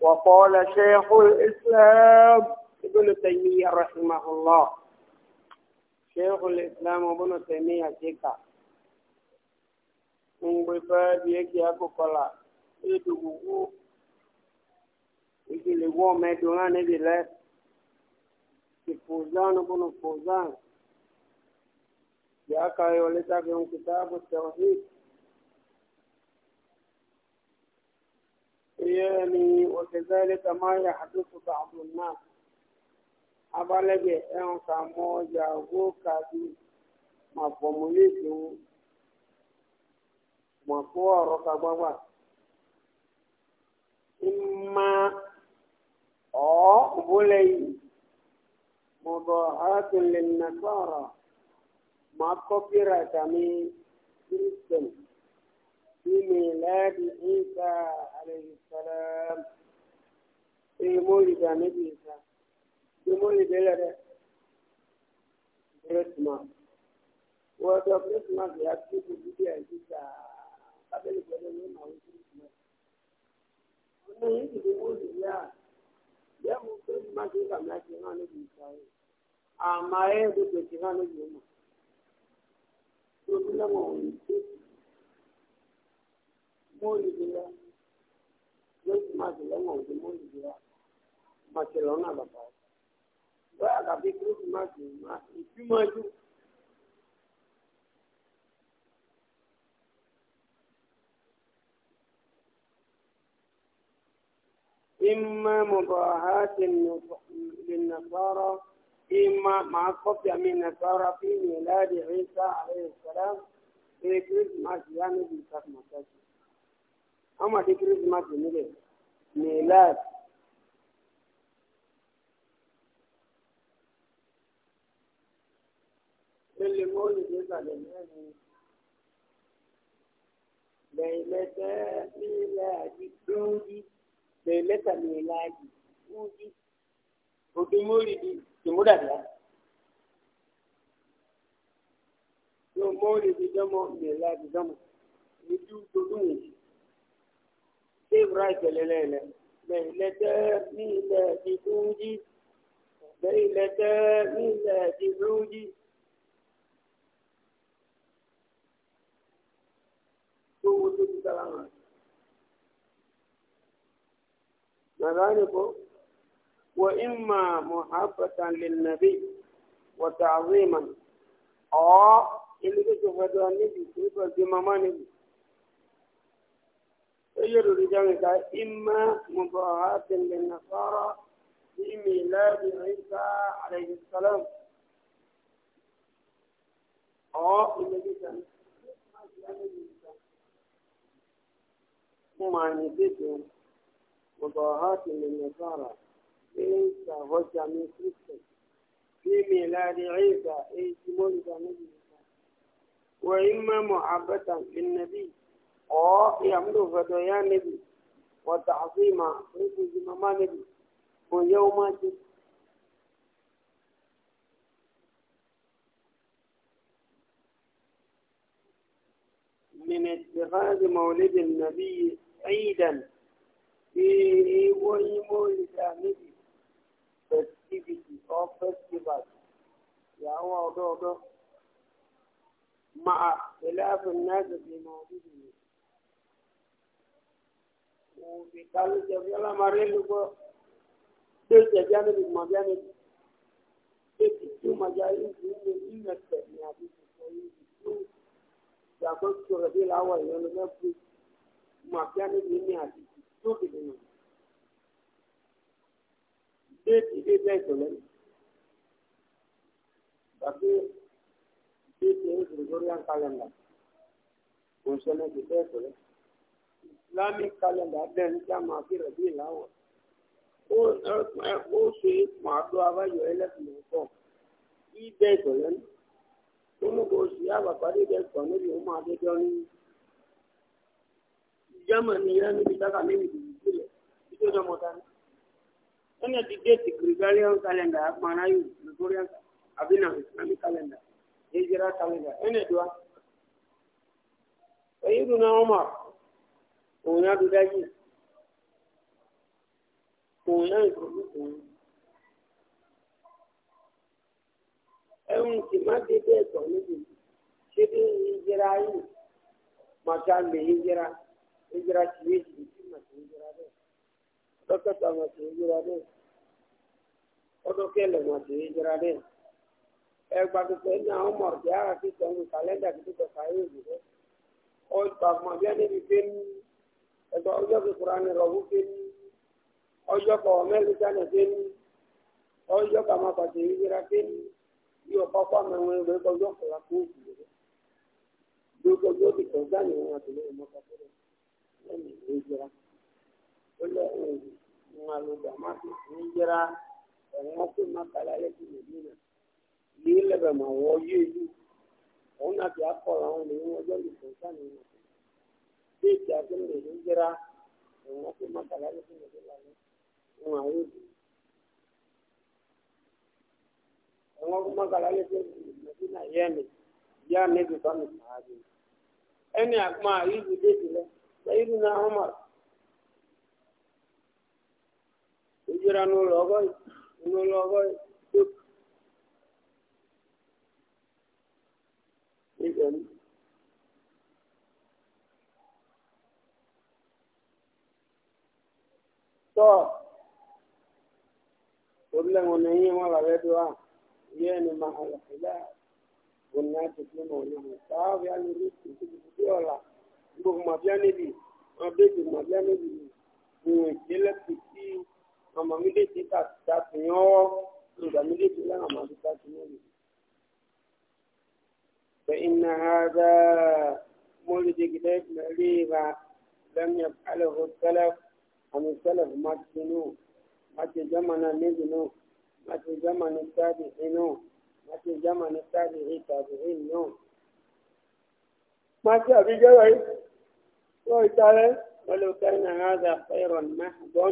وقال شيخ الإسلام ابن تيمية رحمه الله شيخ الإسلام ابن تيمية شيكا من بفاد يكي أكو قلا إدوغو إجي لغو ميدوان نبي لك فوزان ابن فوزان يا كايولتا في كتاب التوحيد يعني وكذلك ما يحدث بعض الناس abalẹgbẹ ẹran ka mọ ọjà owó kàbí mà fọmù léèké wọn mà fọ ọrọ ka gbagba ìmà ọ òbólẹ yìí mo bọ arákùnrin lẹnu nàkọrọ mà kọfíra tàmí kírísítẹnì. في ميلاد عيسى عليه السلام في مولد النبي عيسى في مولد لدى كريسماس وهذا كريسماس يكتب في عيسى قبل كلمة أو كريسماس أنا يجي في مولد لا يوم كريسماس يبقى ما كنا نبي عيسى أما يبقى كنا نبي عيسى كلنا مؤمنين mólìdìlá lójú máa tẹ̀lé wọn òde mólìdìlá barcelona bàbá bóyá tàbí kírísìmáàsì ìtúmọ̀jú. إما مباهاة للنصارى إما مع قطع من النصارى في ميلاد عيسى عليه السلام في كريسماس يعني بالكرمة wọ́n máa dé kírísímàsì nílẹ̀ mìláàd lẹ́lẹ̀ mọ́ọ̀lù tó sàlẹ̀ mẹ́rin lẹ́yìn lẹ́tẹ̀ mìláàdì lóńgì lẹ́yìn lẹ́tà mìláàdì lóńgì òdùmọ́rì di tìmúdàdà yóò mọ́ọ̀lù di dánmọ́ mìláàdì dánmọ́ ìdí tó dùn yìí. تبرا جلالة ليلة ميلاد زوجي ليلة ميلاد زوجي كذلك وإما محبة للنبي وتعظيما أو آه، إن كنت فتوى النبي كيف الزمامة نبي سيد الرجال إما مباهاة للنصارى في ميلاد عيسى عليه السلام أو النبي كان ما نبيتهم مضاهاة للنصارى عيسى وجه من كريستوس في ميلاد عيسى إيش مولد نبي وإما محبة للنبي oo yamdu fadoya nebi wa tacsiima rikuzimama ويوم من اتخاذ مولد النبي عيدا فيه ويمولد النبي festivity or festival يا هو مع اختلاف الناس في موضوعه òbí kálí jẹ̀bi ọlámarí lùgbọ́ gbé jẹ̀bi ánìbì mọ̀bí ánìbì tètè tí ó màjá ìlú ní ìmẹ̀tẹ̀ ní àbíkú fún ìlú tó ìyàgbọ́ tó rẹ̀ bí láwọ̀ ìyọnu mẹ́fù mọ̀bí ánìbì ní àbíkú tó kìlì nù. déètì dé bẹ́ẹ̀ ìtọ́lẹ́ tàbí déètì ní gregorian calendar kò sọ náà ti bẹ́ẹ̀ ìtọ́lẹ́ islamic calendar bẹ́ẹ̀ ní kí a máa fi rẹ̀ bí ìláwọ̀ ó ṣe máa dọ́ abáyọ̀ ẹlẹ́sìn ọ̀kan ibẹ̀ ìtọ̀lẹ́ ní nínú kò sí àbàpàdé ibẹ̀ ìtọ̀ níbi òun máa dẹ́jọ́ ní germany yẹn níbi dáka níbi ìdìbò sílẹ̀ títí ó dọ́mọ dání ẹnì ti déètì gregorian calendar apana yìí gregorian abina islamic calendar hijra calendar ẹnì ìdúrà èyí dùn náà wọ́n máa òun náà dúdá yìí òun náà ìdúró òun. ẹ̀hún tí má dé bẹ́ẹ̀ tọ̀ níbi ṣé bí ìjẹra yìí màtá lè ìjẹra ìjẹra tí yé jìbì tí màtá ìjẹra bẹ́ẹ̀ dókítà màtá ìjẹra bẹ́ẹ̀ ọdọkẹlẹ màtá ìjẹra bẹ́ẹ̀ ẹgbà tuntun ní àwọn ọmọ ọ̀dẹ́ ara ti sọ̀rọ̀ kàlẹ́ndà tó tọ̀ sáyé òdìbẹ́ ọgbà mọ̀lẹ́ni bíi ẹgbẹ́ ọjọ́ kíkura ni rọ̀bù kéni ọjọ́ kọ̀ọ̀ mẹ́lìkánì kéni ọjọ́ kàmá pàṣẹ ìgbéra kéni yóò kọ́kọ́ mẹ́wọ́n ẹgbẹ́ ọjọ́ kọ̀ọ̀lá kó o kù lọ. gbogbo yóò fi tọ́jú àná wọn àti lóyún mọ́tò fún ẹ lẹ́yìn ìwé ìgbéra ó lẹ́ ń alùpàá má fi ń gbéra ẹ̀wọ̀n kó má kàlà lẹ́sìn nìyí náà yìí lẹ́bẹ̀ẹ́ mà wọ́ yé yìí òun náà ti akọ̀rọ̀ àwọn ènìyàn ọjọ́ ìfọ̀nsá nìyí náà. sai ki abin hijira da makala da suna zuwa ne makala da ya ne bi ba stop problem wanainyi wawetu wa yeye ni mahala fulani bunati kuna wanyama sawa vyani vitu vyola nguvu mavyani vi mabeki mavyani vi ni kile kiti mama mili kita tatu nyo ndio mili kila mama tatu nyo fa inna hadha mulidi kitab maliga lam yaf'alahu salaf عن السلف ماتشنو ماتش زمن نجنو ماتش زمن التابعينو ماتش زمن التابعي تابعينو ما شاء بجوي وي تعالى ولو كان هذا خيرا محضا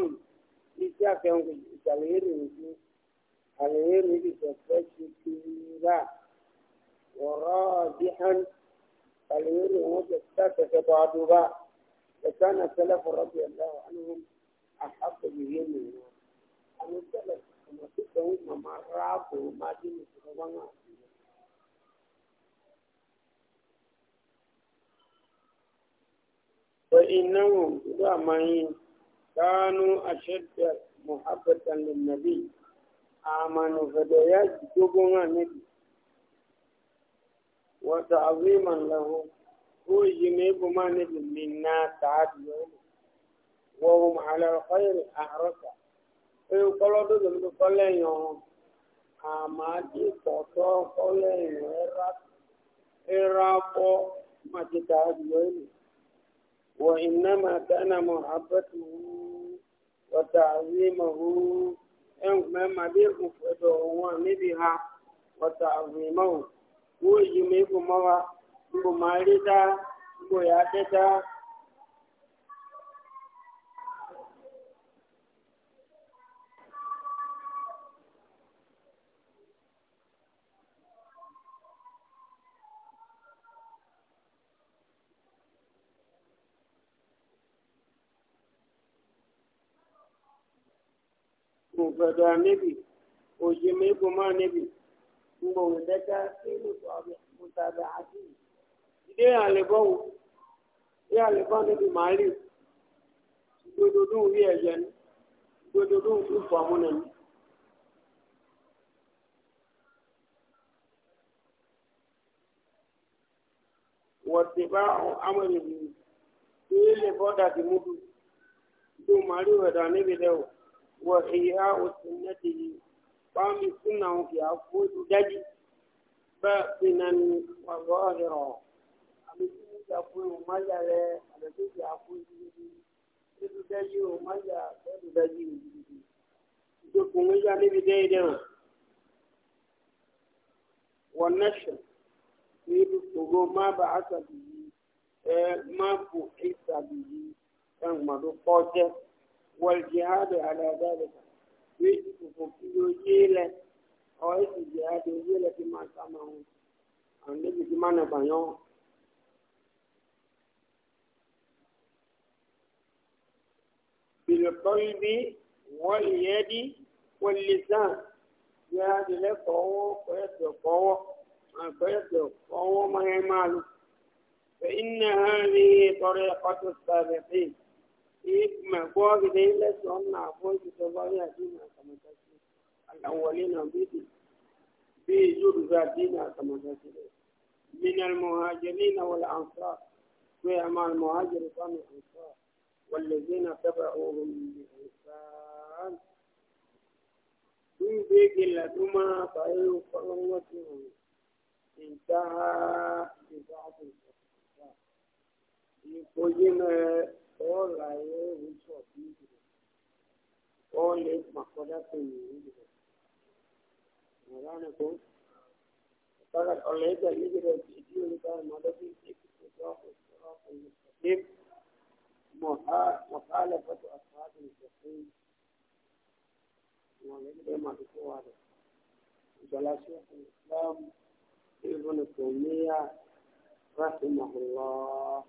لشاك يوم التغيير التغيير بتفشكيرا وراجحا التغيير هو تستفك بعضها فكان السلف رضي الله عنهم أحق به من أن السلف كما تتهم ما راب وما دين سبحانه فإنهم دامين كانوا أشد محبة للنبي آمنوا فدياج جبنا النبي وتعظيما له ويجنب ما نبل منا سعد يوم وهم على الخير أحرسا ويقولوا دول من كل يوم أمادي توتو كل يوم إرابو ما تتعب يوم وإنما كان محبته وتعظيمه مما بيكم فدوه نبها وتعظيمه ويجنب ما gbogbo máa rí dá gbogbo ìyá dé dá. gbogbo anabi òye mẹ́gbọ́n mọ́ anabi ń bọ̀ wọ́n dẹ́ka sí ìlú tàbí àti dé àlebọ́wò dé àlebọ́ níbi màálì gbódodó rí ẹ̀yẹ ní gbódodó ìfò àmúnẹ̀ ní. wọ̀tí bá àwọn ènìyàn tí ilé bọ́dà ti mú bí tó màálì níbi lẹ́wọ̀ wọ̀ ìyá òsì nẹ́tì yìí bá mi sínú àwọn kìí àfọ́ ìdájí bá pinnu wà lọ́ọ̀rọ̀ akue umoja le anabidi akue kitu daji umoja kitu daji ndio O ni bidai leo wanasha kitu kugo ma baasa bihi eh ma bu isa bihi tangu mado pote wal jihad ala dalika kitu kukiyo jile au jihad jile kima kama anabidi mana banyo بالقلب واليد واللسان jáde lẹ́kọ̀ọ́wọ́ kọ́yẹ̀tọ̀kọ́wọ́ àkọ́yẹ̀tọ̀kọ́wọ́ máa máa lò fẹ́ iná rí tọrọ ẹ̀kọ́ tó sàbẹ̀ pé ìgbìmọ̀ gbọ́ gidi lẹ́sọ̀ọ́ náà fún ìjọba ní àdínà àtàmọ̀tàṣe àlàwọlé náà bíbí bí ìjọba àdínà àtàmọ̀tàṣe rẹ̀ minal muhajirin wal ansar pé a máa muhajiri fáwọn ansar. والذين تبعوهم بإحسان تنبيك لدما فأي قوتهم انتهى ببعض الأسفار يقولون قول عليه وشوف قول اسمع قدرت من مدانكم فقد أولئك الذين يجدون كان مدد في الصراط المستقيم a mukhalafatu ashabil jahim wannan da masu kowa da jalasiyar islam ibn taymiya rahimahullah